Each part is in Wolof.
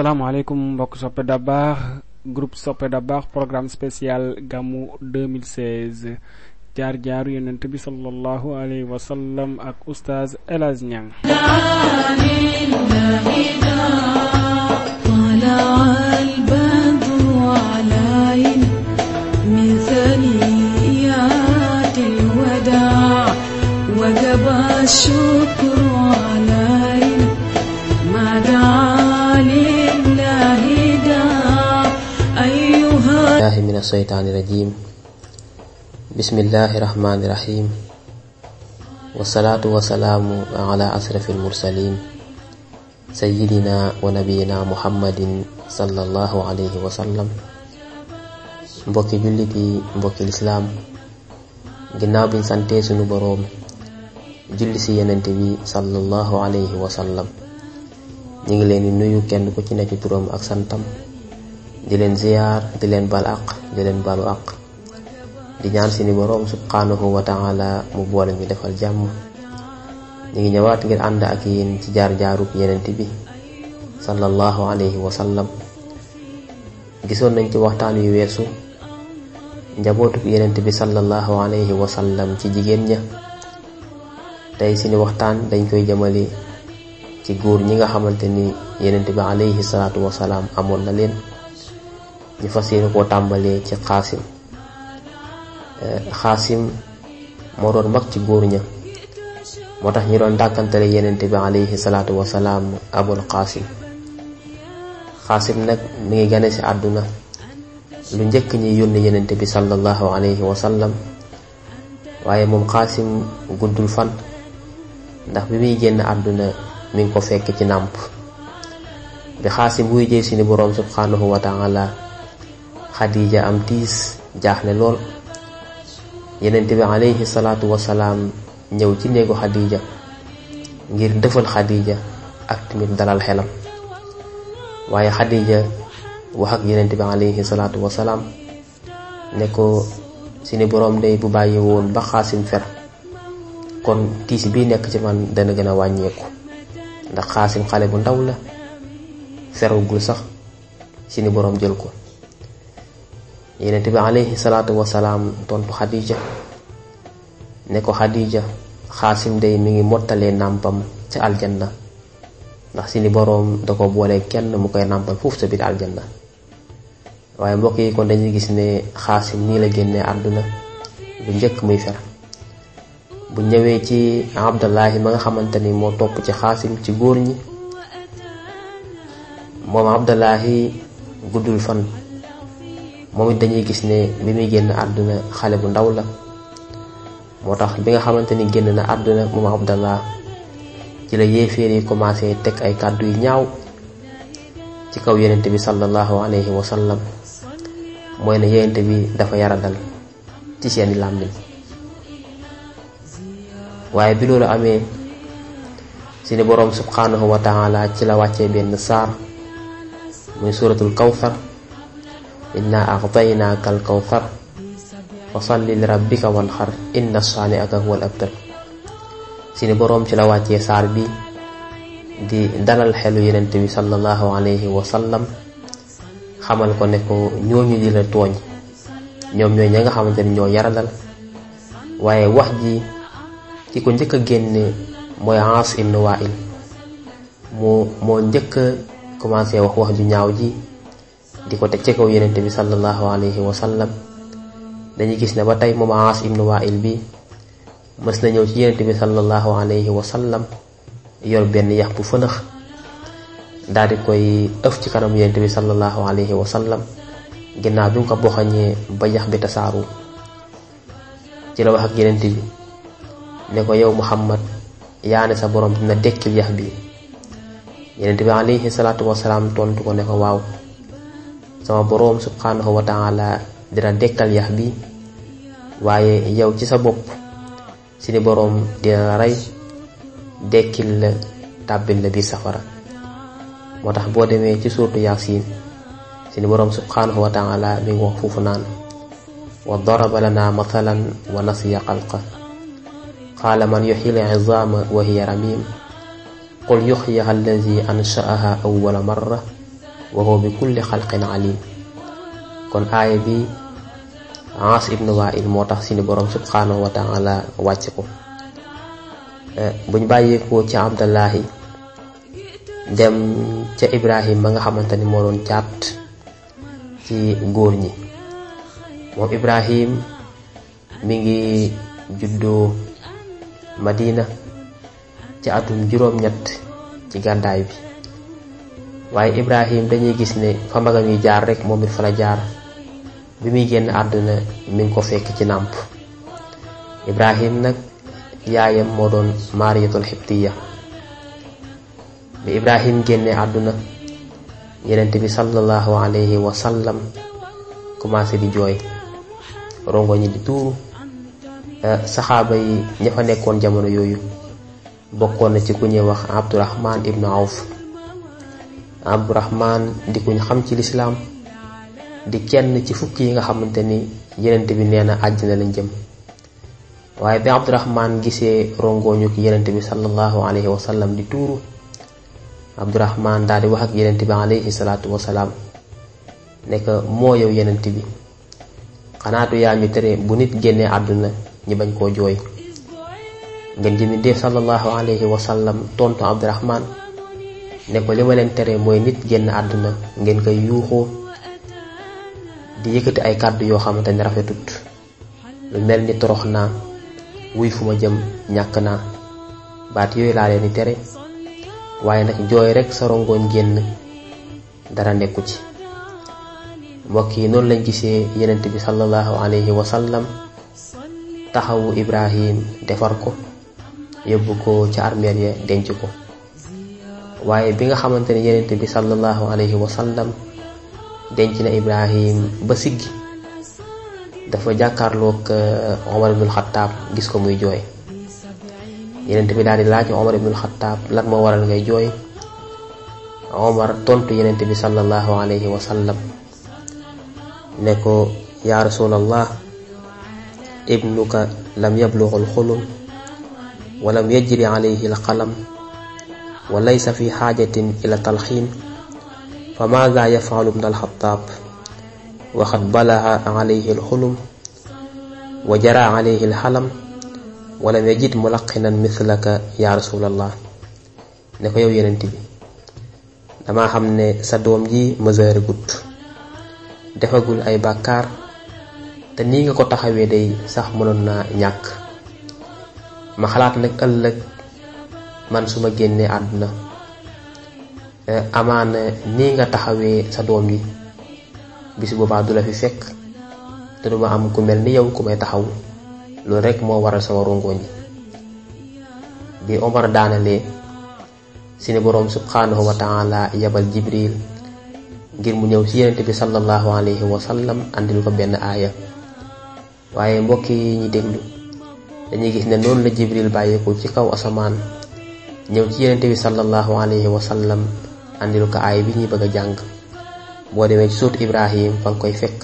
asalaamaaleykum mbokk soppe da baax groupe soppe da baax programme spécial gàmmu 2016 jaar jaaru yonent bi sallallahu alayhi wa sallam ak oustaz El Hadj Niang الشكر من الشيطان الرجيم بسم الله الرحمن الرحيم والصلاة والسلام على أشرف المرسلين سيدنا ونبينا محمد صلى الله عليه mbokki jullit yi mbokki lislaam ginnaaw biñ santee sunu boroom julli si yenent bi sallallahu alayhi wa sallam ñu ngi leen nuyu kenn ku ci ne ci turam ak santam di leen ziyaar di leen bal aq di leen balu aq di ñaan seeni boroom subhanahu wa taala mu boole ñu defal jàmm ñu ngi ñëwaat ngir ànd ak yéen ci jaar-jaarub yenent bi sallallahu alayhi wa sallam gisoon nañ ci waxtaan yu weesu njabootub yenent bi sallallahu alayhi wa ci jigéen ña tey seeni waxtaan dañ koy jëmale ci góor ñi nga xamante ni yenent bi alayhi salaatu wa salaam amoon na leen ñu fas yéene koo tàmbalee ci eh, xaasim moo doon mag ci góor ña moo tax ñu doon dàkkantale yenente bi alayhi salaatu wasalaam abul xaasim xaasim nag mu ngi gane ci àdduna lu njëkk ñi yónni yenente bi sallallahu alayhi wa sallam waaye moom xaasim guddul fan ndax bi muy génn àdduna mu ngi ko fekk ci nàmp bi xaasim wuy jee si ni boroom subhanahu wa xadiija am tiis jaaxle lool yeneent bi aleyhi salaatu wasalaam ñëw ci néegu xadiija ngir dëfal xadiija ak tamit dalal xelam waaye xadiija wax ak yenent bi aleyhi salaatu wasalaam ne ko si ni boroom day bu bàyyi woon ba xaasim fer kon tiis bi nekk ci man dana gën a wàññeeku ndax xaasim xale bu ndaw la ferugul sax si ni boroom jël ko yenent bi alayhi salaatu wasalaam tontu xadija ne ko xadija xaasim day mi ngi mottalee nàmpam ca aljanna ndax si ni boroom da ko boole kenn mu koy nàmpal foofu sa biir aljanna waaye mbokk yi kon dañuy gis ne xaasim nii la génnee àdduna bu njëkk muy fer bu ñëwee ci abdallahi ma nga xamante ni moo topp ci xaasim ci góor ñi moom abdallahi guddul fan moom it dañuy gis ne bi muy génn àdduna xale bu ndaw la moo tax bi nga xamante ni génn na àdduna moom Abdallah ci la yéeféer yi commencé teg ay kàddu yu ñaaw ci kaw yonent bi sallallahu alayhi wa sallam mooy ne yonent bi dafa yaradal ci seeni làmmiñ waaye bi loolu amee si ni boroom subhanahu wa taala ci la wàccee benn saar muy suratul kawsar inna a'taynaka al-kawthar fa salli li rabbika wanhar inna saani'aka huwal abtar boroom ci la wàccee saar bi di dalal xelu yonent bi sallallahu alayhi wa sallam xamal ko ne ko ñooñu di la tooñ ñoom ñooy ña nga xamante ni ñoo yaralal waaye wax ji ki ko njëkk a génne mooy Aas ibn Waa'il moo moo njëkk a commencé wax wax ju ñaaw ji di ko teg ci kaw yonent bi sallallahu alayhi wa sallam gis ne ba tey moom aas ibnu wail bi mës na ñëw ci yonent bi sallallahu alayhi wa yor benn yax bu fënax daal di koy ëf ci kanam yonent bi sallallahu alayhi wa sallam ginnaaw bi mu ko boxañee ba yax bi tasaaru ci la wax ak yonent bi ne ko yow muhammad yaane sa borom dina dekkil yax bi yonent bi alayhi salaatu wasalaam tontu ko ne ko waaw sama boroom subhanahu wa taala dina dekkal yax bi waaye yow ci sa bopp si ni boroom dina la rey dekkil la tàbbil la biir safara moo tax boo demee ci suurtu yaasin si ni boroom subhanahu wa mi ngi foofu naan wa daraba lana mathalan wa nasiya xalqa qaala man yuxyi l izaama wa hiya ramim qul yuxyiha allazi anshaaha awwala marra wa huwa bi kulli xalqin alim kon aaya bi Aas ibnu Waa'il moo tax suñu borom subhanahu wa taala wàcc ko eh, buñ bàyyeekoo ci Abdallahi dem ca Ibrahim ba nga xamante ni moo doon caat ci góor ñi moom Ibrahim mi ngi juddoo Madina ci atum juróom-ñett ci gàddaay bi waaye Ibrahim dañuy gis ne fa magam yi jaar rek moom it fa la jaar bi muy génn àdduna mi ngi ko fekk ci nàmp Ibrahim nag yaayam moo doon Maariyatul Xibtiya bi Ibrahim génnee àdduna yenent bi sallallahu alayhi wa sallam commencé di jooy rongo di tuuru eh, saxaaba yi ña fa nekkoon jamono yooyu bokkoon na ci ku ñuy wax Abdurahman ibnu Awf Abdurahman di kuñ xam ci lislaam di kenn ci fukki yi nga xamante ni yenente bi nee na àjjana lañ jëm waaye bi Abdurahman gisee rongooñuk yenente bi sallallahu alayhi wa sallam di tuuru Abdurahman daal di wax ak yenente bi alayhi salaatu wasalaam ne ko moo yow yenente bi xanaatu yaa ñu tere bu nit génnee àdduna ñi bañ koo jooy ngeen jëmi def sallallahu alayhi wa tontu Abdurahman ne ko li ma leen tere mooy nit génn àdduna ngeen koy yuuxoo di yëkkati ay kàddu yoo xamante ne rafetut lu mel ni torox naa wuy fu ma jëm ñàkk naa baat yooyu laa leen di tere waaye nag jooy rekk sa rongoñ génn dara nekku ci mbokk yi noonu lañ gisee yenent bi sallallahu alayhi wa sallam taxawu Ibrahim defar ko yóbbu ko ca armeel ya denc ko waaye bi nga xamante ni yenent bi sallallahu alayhi wa sallam denc na ibrahim ba siggi dafa jàkkaarloog uh, omar ibnul xataab gis ko muy jooy yenent bi daal di laaj omar ibnul xataab lan moo waral ngay jooy omar tontu yenent bi sallallahu alayhi wa sallam ne ko yaa rasulallah ibnuka lam yabluxul xulum walam yajri alayhi alqalam wa laysa fi xaajatin ila talxiin fa maada yafaalu bna alxataab waxat balaxa alayhi alxulum wa jara alayhi alxalam walam yajid mulaqinan mislaka yaa rasulallah ne ko yow yenent bi dama xam ne sa doom ji mësëre gut defagul ay bàkkaar te nii nga ko taxawee day sax mënoon naa ñàkk ma xalaat nag ëllëg man su ma génnee àdduna eh, amaana nii nga taxawee sa doom yi bis boobaa du la fi fekk te du am ku mel ni yow ku may taxaw loolu rek moo waral sama rongoñ yi bi Omar daanalee si ne boroom subhanahu wa taala yabal Jibril ngir mu ñëw ci yenente bi sallallahu alayhi wa sallam àndil ko benn aaya waaye mbokk yi ñi déglu dañuy gis ne noonu la Jibril bàyyeeku ci kaw asamaan ñëw ci yenente bi sallallahu alayhi wa sallam àndilu ko aay bi ñuy bëgg a jàng boo demee ci suut ibrahim fa koy fekk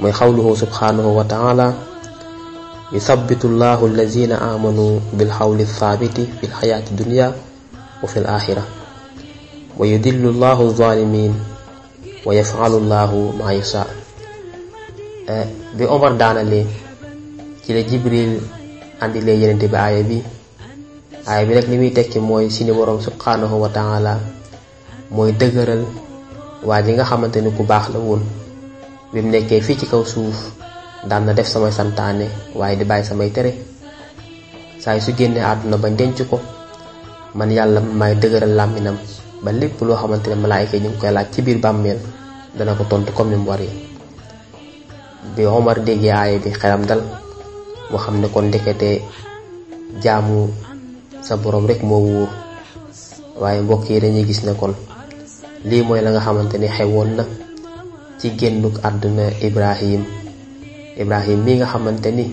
mooy xawluhu subhanahu wa taala yusabbitu llahu allazina amanu bil fi lxayaati dunia wa fi l axira wa yudillu llahu zalimin eh, bi omar daanalee ci la jibril àndilee yenente bi aaya bi aay bi nag li muy tekki mooy suñu boroom subhanahu wa la mooy dëgëral waa ji nga xamante ni ku baax la woon bi mu nekkee fii ci kaw suuf daan na def samay santaane waaye di bàyyi samay tere saay su génnee àdduna ba denc ko man yàlla may dëgëral làmminam ba lépp loo xamante ne malaayika yi ñu ngi koy laaj ci biir bàmmeel dana ko tontu comme ni mu waree bi Omar déggee aaya bi xelam dal mu xam ne ko ndekete jaamu sa boroom rek moo wóor waaye mbokk yi dañuy gis na kon lii mooy la nga xamante ni xewoon na ci génnuk àdduna ibrahim ibrahim mi nga xamante ni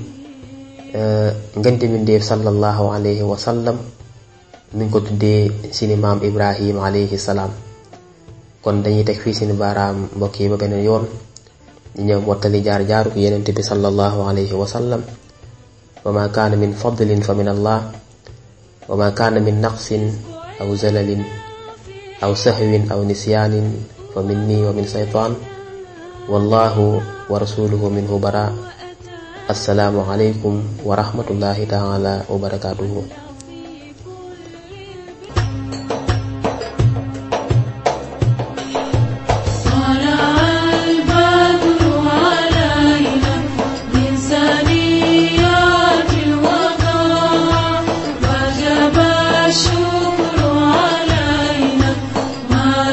eh, ngënti mbindéef sallallahu alayhi wa sallam mi ngi ko tuddee sini maam ibrahim alayhi salaam kon dañuy teg fii sini baaraam mbokk yi ba beneen yoon ñu ñëw mottali jaar jaaru yenente bi sallallahu alayhi wa sallam ma kaana min fadlin fa min allah wa ma kaana min naqsin aw zalalin aw sahwin aw nisyaanin fa minni wa min saytaan wallahu wa rasuluhu minhu bara assalaamu aleykum wa rahmatullahi taala wa barakatuhu